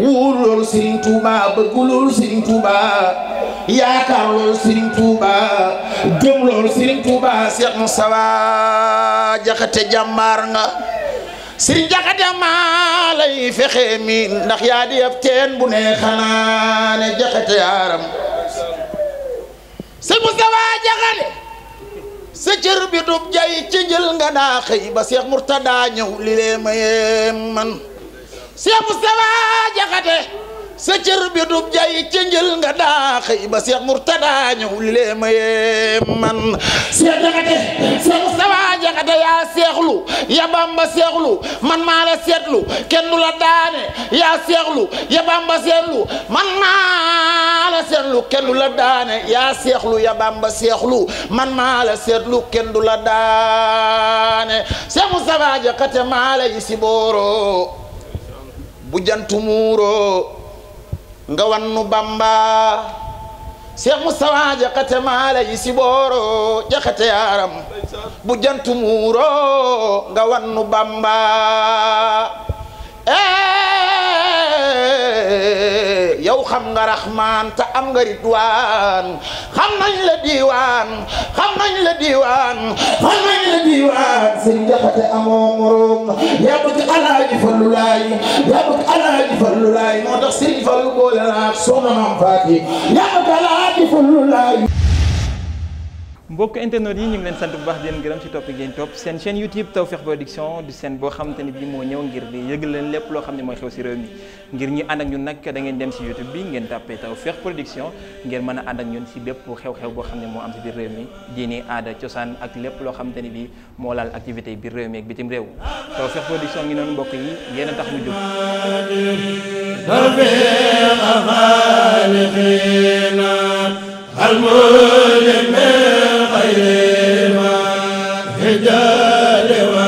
wuur loolu Serigne Touba bëgg loolu Serigne Touba yaakaar loolu Serigne Touba gëm loolu Serigne Touba Cheikh Moustapha Diakhaté jàmbaar nga Serigne Diakhaté maa lay fexe mi ndax yaa di ab teen bu ne xanaa ne yaaram Serigne Moustapha Diakhaté sa cër bi dub jay ci jël nga naa xëy ba Cheikh Mourtada ñëw li lee man Cheikh Moustapha Jaxate sa bi du jay ci nga daa xëy ba Cheikh Mourtada ñëw lee man Cheikh Jaxate Cheikh yaa seexlu ya Bamba seexlu man maa seetlu kenn du la daane yaa seexlu ya Bamba seexlu man maa seetlu kenn la daane yaa seexlu ya Bamba seexlu man maa la seetlu kenn du la daane Cheikh Moustapha Jaxate maa lay si bu jant muuroo nga wannu bamba cheikh moustapha jaxate maala yi si booro jaxate yaaram bu jant muuroo nga wannu bamba yow xam nga rahman te am nga ridwaan xam la diiwaan xam nañ la diiwaan te amoo morom yaa bëgg alaaji fallu laay yaa bëgg alaaji fallu laay moo tax sëriñ fallu boole naa soxna maam Faati yaa bëgg alaaji fallu laay mbokk internet yi ñu ngi leen sant bu baax di leen gërëm ci topp gi topp seen chaîne YouTube Tawfekh Production di seen boo xamante ni bi moo ñëw ngir di yëgal leen lépp loo xam ne mooy xew ci réew mi ngir ñu ànd ak ñun nag da ngeen dem ci YouTube bi ngeen tàppee Tawfekh Production ngeen mën a ànd ak ñun ci bépp xew-xew boo xam ne moo am ci biir réew mi diini aada cosaan ak lépp loo xamante ni bi moo laal activité biir réew mi ak bitim réew Tawfekh Production ngi noonu mbokk yi yéen a tax jaale wa